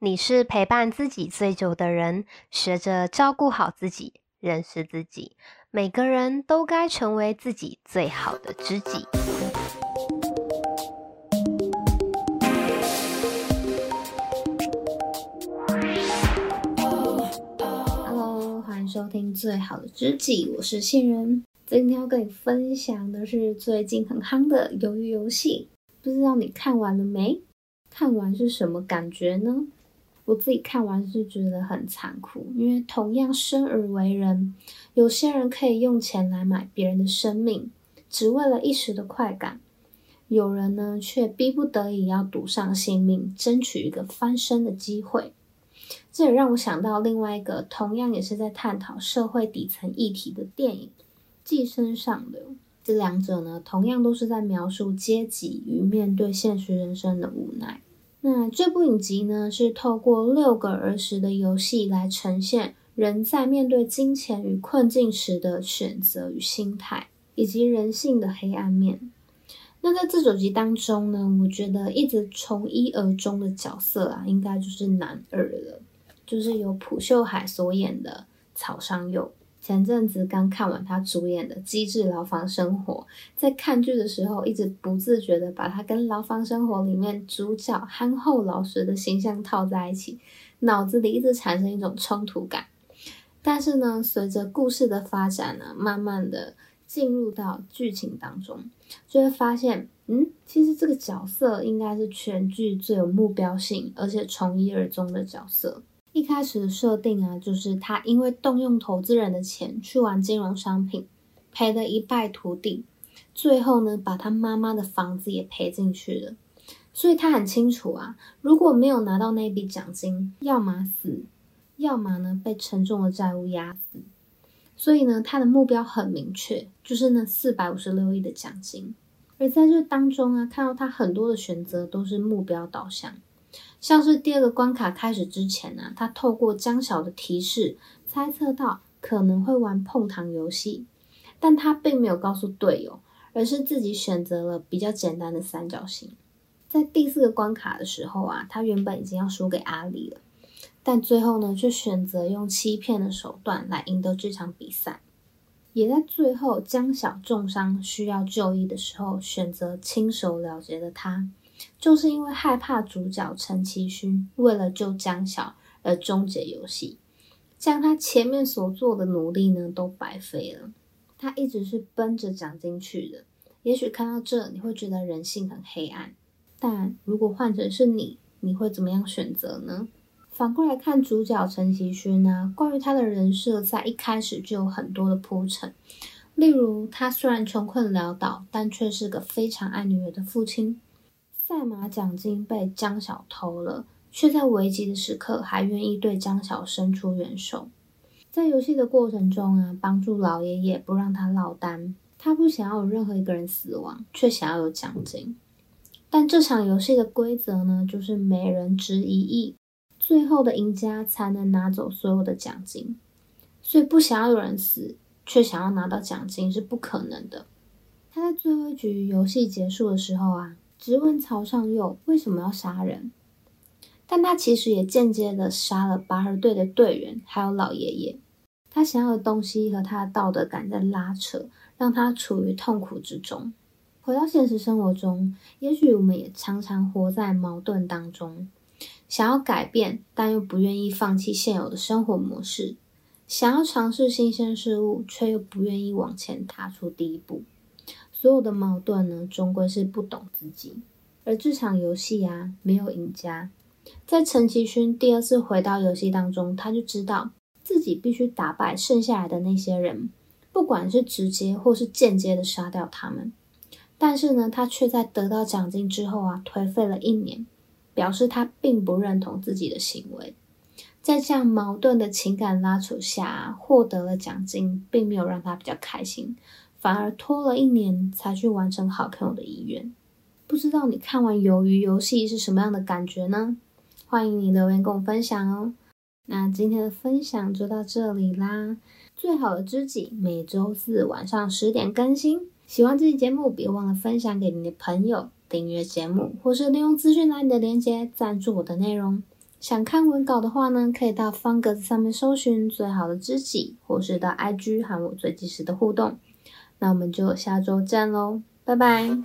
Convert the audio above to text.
你是陪伴自己最久的人，學着照顧好自己，認識自己。每個人都該成為自己最好的知己。Hello，歡迎收聽《最好的知己》，我是杏仁。今天要跟你分享的是最近很夯的《魷魚遊戲》，不知道你看完了沒？看完是什麼感覺呢？我自己看完是覺得很殘酷，因為同樣生而為人，有些人可以用錢來買別人的生命，只為了一時的快感；有人呢卻逼不得已要賭上性命，爭取一個翻身的機會。這也讓我想到另外一個同樣也是在探討社會底層議題的電影《寄生上流》。這兩者呢，同樣都是在描述階級與面對現實人生的無奈。那這部影集呢，是透過六個兒時的遊戲來呈現人在面對金錢與困境時的選擇與心態，以及人性的黑暗面。那在這首集當中呢，我覺得一直從一而終的角色啊，應該就是男二了，就是由朴秀海所演的曹尚佑。前陣子剛看完他主演的《機智牢房生活》，在看劇的時候，一直不自覺的把他跟《牢房生活》裡面主角憨厚老實的形象套在一起，腦子裡一直產生一種衝突感。但是呢，隨着故事的發展呢，啊，慢慢的進入到劇情當中，就會發現，嗯，其實這個角色應該是全劇最有目標性，而且從一而終的角色。一開始的設定啊，就是他因為動用投資人的錢去玩金融商品，賠得一敗塗地，最後呢，把他媽媽的房子也賠進去了。所以他很清楚啊，如果沒有拿到那筆獎金，要麼死，要麼呢，被沉重的債務壓死。所以呢，他的目標很明確，就是那四百五十六億的獎金。而在這當中啊，看到他很多的選擇都是目標導向。像是第二個關卡開始之前呢、啊，他透過姜曉的提示猜測到可能會玩碰糖遊戲，但他並沒有告訴隊友，而是自己選擇了比較簡單的三角形。在第四個關卡的時候啊，他原本已經要輸給阿里了，但最後呢，卻選擇用欺騙的手段來贏得這場比賽。也在最後姜曉重傷需要就醫的時候，選擇親手了結了他。就是因為害怕主角成奇勳為了救姜曉而終結遊戲，將他前面所做的努力呢都白費了。他一直是奔着獎金去的。也許看到這你會覺得人性很黑暗，但如果換成是你，你會怎麼樣選擇呢？反過來看主角成奇勳呢、啊，關於他的人設在一開始就有很多的鋪陳，例如他雖然窮困潦倒，但卻是個非常愛女兒的父親。賽馬獎金被姜曉偷了，卻在危急的時刻還願意對姜曉伸出援手。在遊戲的過程中啊，幫助老爺爺不讓他落單。他不想要有任何一個人死亡，卻想要有獎金。但這場遊戲的規則呢，就是每人值一億，最後的贏家才能拿走所有的獎金。所以不想要有人死，卻想要拿到獎金是不可能的。他在最後一局遊戲結束的時候啊。質問曹尚佑為什麼要殺人，但他其實也間接的殺了拔河隊的隊員，還有老爺爺。他想要的東西和他的道德感在拉扯，讓他處於痛苦之中。回到現實生活中，也許我們也常常活在矛盾當中，想要改變，但又不願意放棄現有的生活模式；想要嘗試新鮮事物，卻又不願意往前踏出第一步。所有的矛盾呢，終歸是不懂自己。而這場遊戲啊，沒有贏家。在成奇勳第二次回到遊戲當中，他就知道自己必須打敗剩下來的那些人，不管是直接或是間接的殺掉他們。但是呢，他卻在得到獎金之後啊，頹廢了一年，表示他並不認同自己的行為。在這樣矛盾的情感拉扯下啊，獲得了獎金，並沒有讓他比較開心。反而拖了一年才去完成好朋友的遺願，不知道你看完《魷魚遊戲》是什麼樣的感覺呢？歡迎你留言跟我分享哦。那今天的分享就到這裡啦。最好的知己每週四晚上十點更新。喜歡這期節目，別忘了分享給你的朋友，訂閱節目，或是利用資訊欄裡的鏈接贊助我的內容。想看文稿的話呢，可以到方格子上面搜尋“最好的知己”，或是到 IG 喊我最即時的互動。那我們就下週見嘍，拜拜。